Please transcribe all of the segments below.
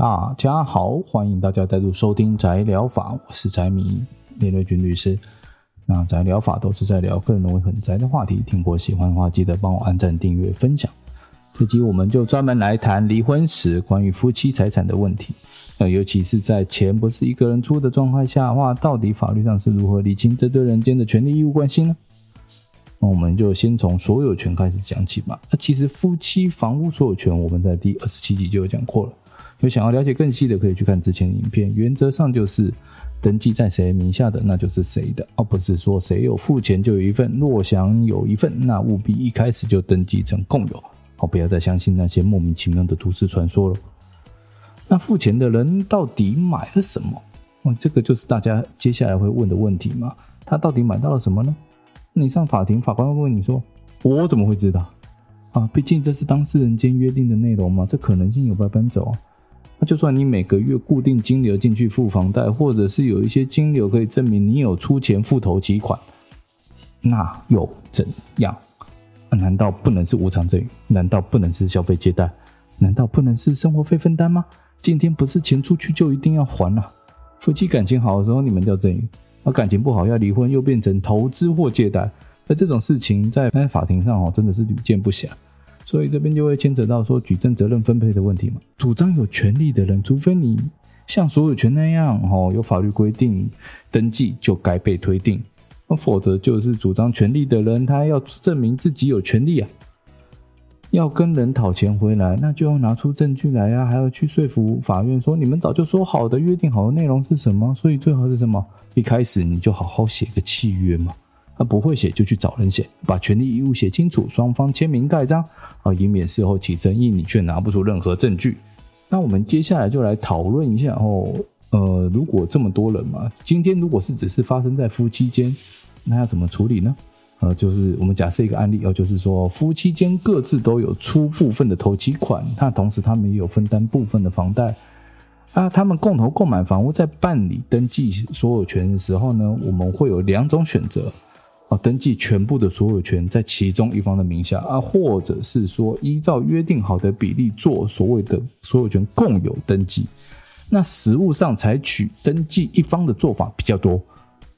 大、啊、家好，歡迎大家再度收聽宅聊法，我是宅米林瑞君律師。那宅聊法都是在聊個人認為很宅的話題，聽過喜歡的話，記得幫我按讚、訂閱、分享。這集我們就專門來談離婚時關於夫妻財產的問題。那尤其是在錢不是一個人出的狀態下的話，到底法律上是如何釐清這堆人間的權利義務關係呢？那我們就先從所有權開始講起吧。那其實夫妻房屋所有權，我們在第二十七集就有講過了。有想要了解更細的，可以去看之前的影片。原則上就是，登記在誰名下的那就是誰的。而、哦、不是說誰有付錢就有一份。若想有一份，那務必一開始就登記成共有。好、哦，不要再相信那些莫名其妙的都市傳說了。那付錢的人到底買了什麼？哦，這個就是大家接下來會問的問題嘛。他到底買到了什麼呢？你上法庭，法官會問你說：“我怎麼會知道？啊，畢竟這是當事人間約定的內容嘛，這可能性有被搬走。”那就算你每個月固定金流進去付房貸，或者是有一些金流可以證明你有出錢付頭期款，那又怎樣？難道不能是無償贈與？難道不能是消費借貸？難道不能是生活費分擔嗎？今天不是錢出去就一定要還了啊？夫妻感情好的時候你們叫贈與，而感情不好要離婚又變成投資或借貸？那這種事情在法庭上真的是屢見不鮮。所以這邊就會牽扯到說舉證責任分配的問題嘛。主張有權利的人，除非你像所有權那樣，哦，有法律規定登記就該被推定，那否則就是主張權利的人，他要證明自己有權利啊，要跟人討錢回來，那就要拿出證據來啊，還要去說服法院說你們早就說好的、約定好的內容是什麼，所以最好是什麼？一開始你就好好寫個契約嘛。那不會寫就去找人寫，把權利義務寫清楚，雙方簽名蓋章啊，以免事後起爭議，你卻拿不出任何證據。那我們接下來就來討論一下哦，呃，如果這麼多人嘛，今天如果是只是發生在夫妻間，那要怎麼處理呢？呃，就是我們假設一個案例哦，就是說夫妻間各自都有出部分的頭期款，那同時他們也有分擔部分的房貸，那、啊、他們共同購買房屋，在辦理登記所有權的時候呢，我們會有兩種選擇。啊，登記全部的所有權在其中一方的名下啊，或者是說依照約定好的比例做所謂的所有權共有登記，那實務上採取登記一方的做法比較多，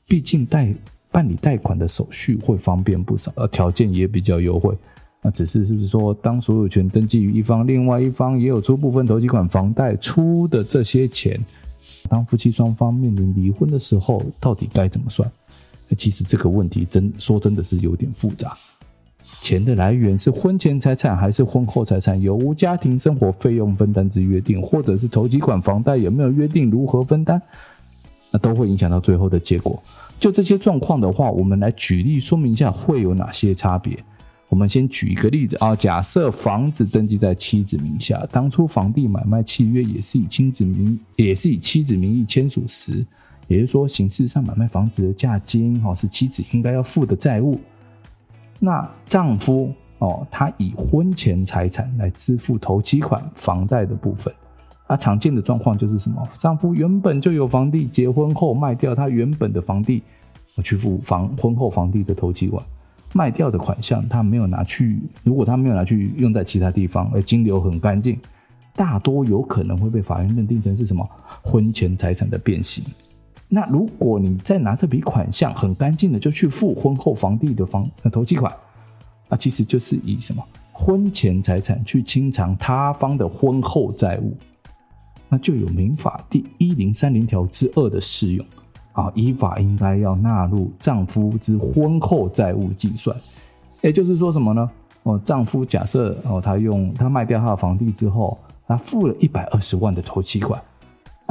畢竟貸辦理貸款的手續會方便不少，而條件也比較優惠。那只是是不是說，當所有權登記於一方，另外一方也有出部分頭期款房貸出的這些錢，當夫妻雙方面臨離婚的時候，到底該怎麼算？其實這個問題真說真的是有點複雜，錢的來源是婚前財產還是婚後財產，有無家庭生活費用分擔之約定，或者是頭期款、房貸有沒有約定如何分擔，那都會影響到最後的結果。就這些狀況的話，我們來舉例說明一下會有哪些差別。我們先舉一個例子啊，假設房子登記在妻子名下，當初房地買賣契約也是以妻子名也是以妻子名義簽署時。也就是說，形式上買賣房子的價金，是妻子應該要付的債務。那丈夫哦，他以婚前財產來支付頭期款房貸的部分。啊，常見的狀況就是什麼？丈夫原本就有房地，結婚後賣掉他原本的房地，去付房婚後房地的頭期款。賣掉的款項，他沒有拿去，如果他沒有拿去用在其他地方，而金流很乾淨，大多有可能會被法院認定成是什麼？婚前財產的變形。那如果你再拿這筆款項，很乾淨的就去付婚後房地的房的頭期款，那其實就是以什麼婚前財產去清償他方的婚後債務，那就有民法第一零三零條之二的適用。啊，依法應該要納入丈夫之婚後債務計算，也就是說什麼呢？哦，丈夫假設哦，他用他賣掉他的房地之後，那付了一百二十萬的頭期款，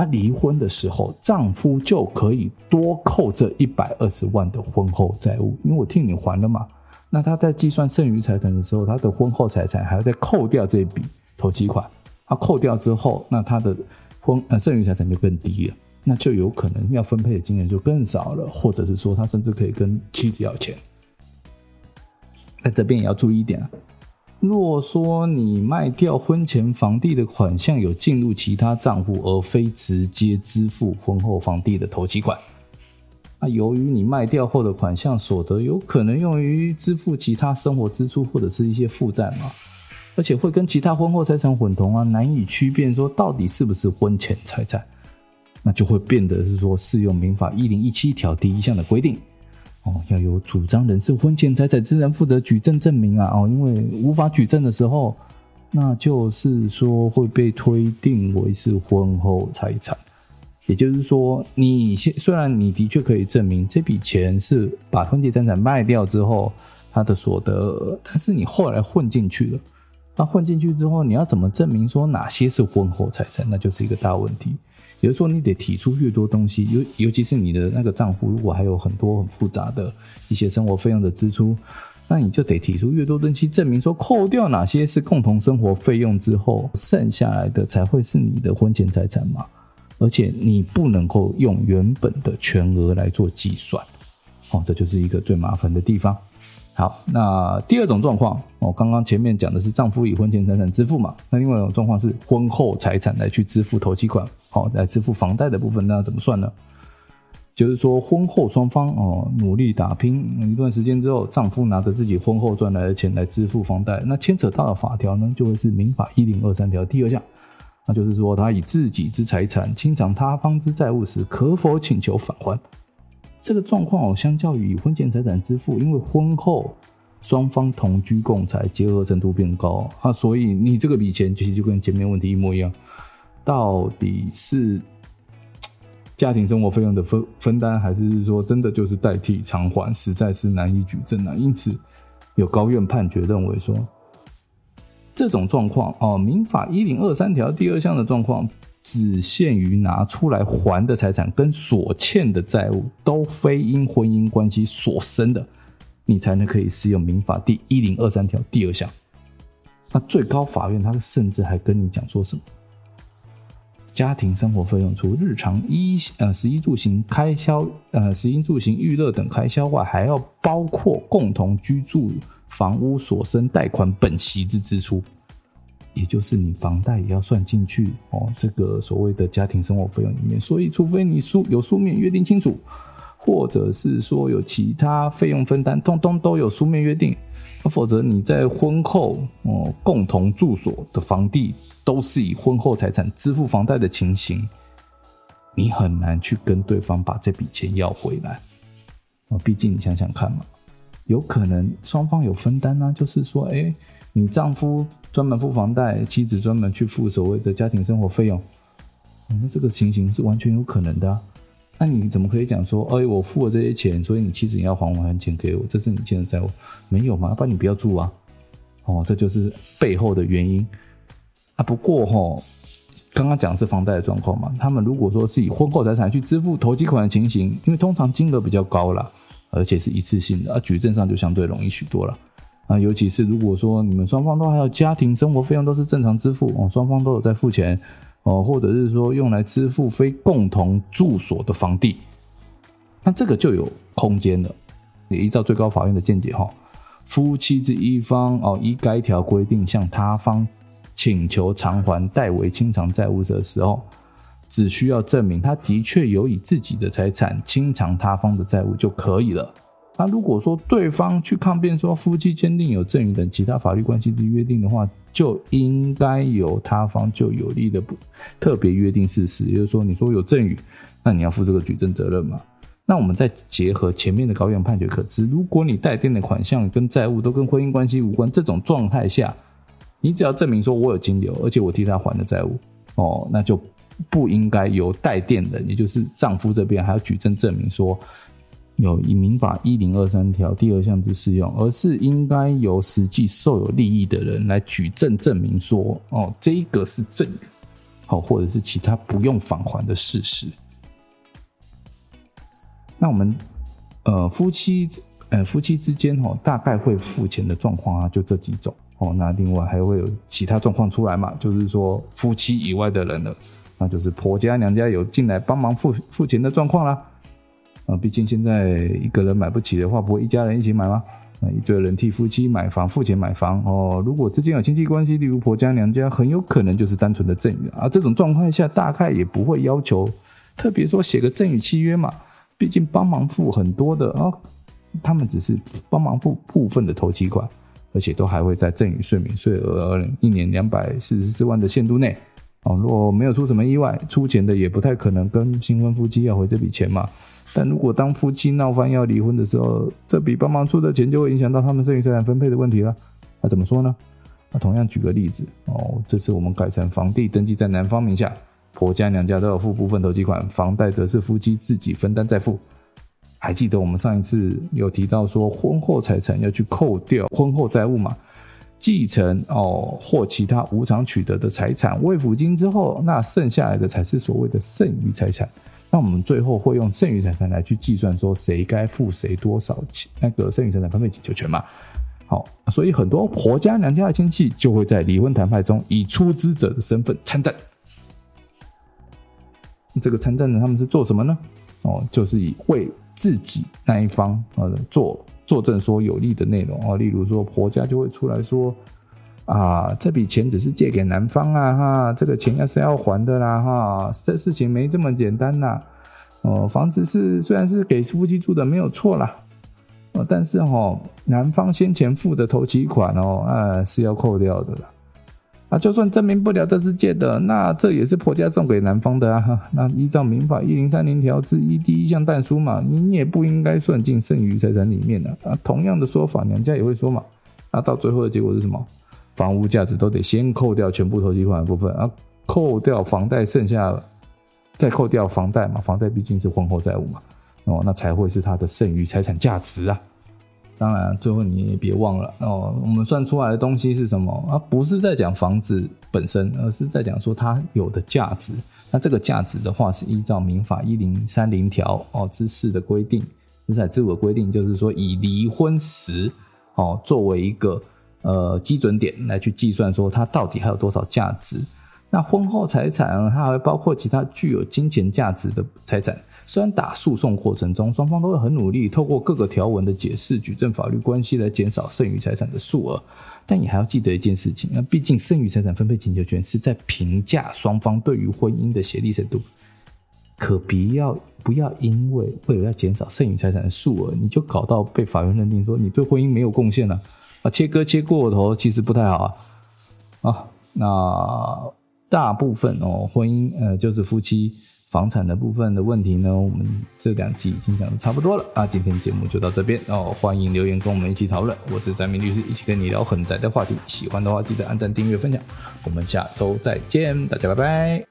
他離婚的時候，丈夫就可以多扣這一百二十萬的婚後債務，因為我替你還了嘛。那他在計算剩餘財產的時候，他的婚後財產還要再扣掉這筆頭期款。他扣掉之後，那他的婚呃剩餘財產就更低了，那就有可能要分配的金額就更少了，或者是說他甚至可以跟妻子要錢。那這邊也要注意一點啊。若說你賣掉婚前房地的款項有進入其他賬戶，而非直接支付婚後房地的頭期款，那、啊、由於你賣掉後的款項所得有可能用於支付其他生活支出或者是一些負債嘛，而且會跟其他婚後財產混同啊，難以區別說到底是不是婚前財產，那就會變得是說適用民法一零一七條第一項的規定，哦，要有主張人是婚前財產之人負責舉證證明啊！哦，因為無法舉證的時候，那就是說會被推定為是婚後財產。也就是說你，你現雖然你的確可以證明這筆錢是把婚前財產賣掉之後他的所得，但是你後來混進去了，那混進去之後你要怎麼證明說哪些是婚後財產？那就是一個大問題。比如說，你得提出越多東西，尤尤其是你的那個賬戶，如果還有很多很複雜的一些生活費用的支出，那你就得提出越多東西，證明說，扣掉哪些是共同生活費用之後，剩下來的才會是你的婚前財產嘛，而且你不能夠用原本的全額來做計算。哦，這就是一個最麻煩的地方。好，那第二種狀況，我剛剛前面講的是丈夫以婚前財產支付嘛，那另外一種狀況是婚後財產來去支付頭期款，好、哦，來支付房貸的部分，那怎麼算呢？就是說婚後雙方哦努力打拼一段時間之後，丈夫拿着自己婚後賺來的錢來支付房貸，那牽扯到的法條呢，就會是民法一零二三條第二項，那就是說他以自己之財產清償他方之債務時，可否請求返還？這個狀況哦，相較於婚前財產支付，因為婚後雙方同居共財，結合程度變高啊，所以你這個筆錢其實就跟前面問題一模一樣，到底是家庭生活費用的分分擔，還是說真的就是代替償還，實在是難以舉證啊，因此，有高院判決認為說，這種狀況哦，啊，民法一零二三條第二項的狀況。只限於拿出來還的財產跟所欠的債務都非因婚姻關係所生的，你才能可以適用民法第一零二三條第二項。那最高法院他甚至還跟你講說什麼？家庭生活費用除日常衣呃食衣住行開銷呃食衣住行娛樂等開銷外，還要包括共同居住房屋所生貸款本息之支出。也就是你房貸也要算進去哦，這個所謂的家庭生活費用裡面。所以，除非你書有書面約定清楚，或者是說有其他費用分擔，通通都有書面約定，否則你在婚後哦共同住所的房地都是以婚後財產支付房貸的情形，你很難去跟對方把這筆錢要回來。畢竟你想想看嘛，有可能雙方有分擔呢，就是說，誒。你丈夫專門付房貸，妻子專門去付所謂的家庭生活費用，嗯，那這個情形是完全有可能的，啊。那、啊、你怎麼可以講說，哎、欸，我付了這些錢，所以你妻子你要還我還錢給我，這是你欠的債務，沒有嘛？啊、不然你不要住啊！哦，這就是背後的原因啊。不過哈，剛剛講的是房貸的狀況嘛，他們如果說是以婚後財產去支付頭期款的情形，因為通常金額比較高了，而且是一次性的，而、啊、舉證上就相對容易許多了。尤其是如果說你們雙方都還有家庭生活費用都是正常支付哦，雙方都有在付錢哦，或者是說用來支付非共同住所的房地，那這個就有空間了。也依照最高法院的見解哈，夫妻之一方哦，依該條規定向他方請求償還代為清償債務的時候，只需要證明他的確有以自己的財產清償他方的債務就可以了。那如果說對方去抗辯說夫妻簽訂有贈與等其他法律關係的約定的話，就應該由他方就有利的不特別約定事實，也就是說，你說有贈與，那你要負這個舉證責任嘛？那我們再結合前面的高院判決可知，如果你代墊的款項跟債務都跟婚姻關係無關，這種狀態下，你只要證明說我有金流，而且我替他還了債務，哦，那就不應該由代墊的，也就是丈夫這邊還要舉證證明說。有以民法一零二三條第二項之適用，而是應該由實際受有利益的人來舉證證明說，哦，這個是贈，好、哦，或者是其他不用返還的事實。那我們呃夫妻呃夫妻之間、哦、大概會付錢的狀況啊，就這幾種哦。那另外還會有其他狀況出來嘛？就是說夫妻以外的人了，那就是婆家娘家有進來幫忙付付錢的狀況啦。畢竟現在一個人買不起的話，不會一家人一起買嗎？一堆人替夫妻買房、付錢買房哦。如果之間有親戚關係，例如婆家娘家，很有可能就是單純的贈與啊。這種狀況下，大概也不會要求，特別說寫個贈與契約嘛。畢竟幫忙付很多的哦，他們只是幫忙付部分的頭期款，而且都還會在贈與稅免稅額一年兩百四十四萬的限度內。哦，如果沒有出什麼意外，出錢的也不太可能跟新婚夫妻要回這筆錢嘛。但如果當夫妻鬧翻要離婚的時候，這筆幫忙出的錢就會影響到他們剩餘財產分配的問題了。那、啊、怎麼說呢？那、啊、同樣舉個例子哦，這次我們改成房地登記在男方名下，婆家娘家都要付部分頭期款，房貸則是夫妻自己分擔再付。還記得我們上一次有提到說，婚後財產要去扣掉婚後債務嘛？繼承哦或其他無償取得的財產，未付金之後，那剩下來的才是所謂的剩餘財產。那我們最後會用剩餘財產來去計算，說誰該付誰多少錢，那個剩餘財產分配請求權嘛。好，所以很多婆家娘家的親戚就會在離婚談判中以出資者的身份參戰。這個參戰呢，他們是做什麼呢？哦，就是以為自己那一方呃做。作證說有利的內容啊，例如說婆家就會出來說，啊，這筆錢只是借給男方啊，哈、啊，這個錢還是要還的啦，哈、啊，這事情沒這麼簡單啦。哦、啊，房子是雖然是給夫妻住的沒有錯啦。啊、但是哈、哦，男方先前付的頭期款哦，哎、啊，是要扣掉的啦。啊，就算證明不了這是借的，那這也是婆家送給男方的啊。那依照民法一零三零條之一第一項但書嘛，你也不應該算進剩餘財產裡面呢、啊。啊，同樣的說法，娘家也會說嘛。那、啊、到最後的結果是什麼？房屋價值都得先扣掉全部頭期款的部分，啊，扣掉房貸，剩下了再扣掉房貸嘛，房貸畢竟是婚後債務嘛。哦，那才會是他的剩餘財產價值啊。當然啊，最後你也別忘了哦，我們算出來的東西是什麼啊？不是在講房子本身，而是在講說它有的價值。那這個價值的話，是依照民法一零三零條哦之四的規定，之我的規定，就是說以離婚時哦作為一個呃基準點來去計算，說它到底還有多少價值。那婚後財產，它還包括其他具有金錢價值的財產。雖然打訴訟過程中，雙方都會很努力，透過各個條文的解釋、舉證法律關係來減少剩餘財產的數額，但你還要記得一件事情：那畢竟剩餘財產分配請求權是在評價雙方對於婚姻的協力程度。可不要不要因為為了要減少剩餘財產的數額，你就搞到被法院認定說你對婚姻沒有貢獻了。啊，切割切過頭其實不太好啊。啊，那。大部分哦，婚姻呃就是夫妻房產的部分的問題呢，我們這兩集已經講得差不多了啊，那今天節目就到這邊哦，歡迎留言跟我們一起討論，我是宅米律師，一起跟你聊很宅的話題，喜歡的話記得按讚、訂閱、分享，我們下周再見，大家拜拜。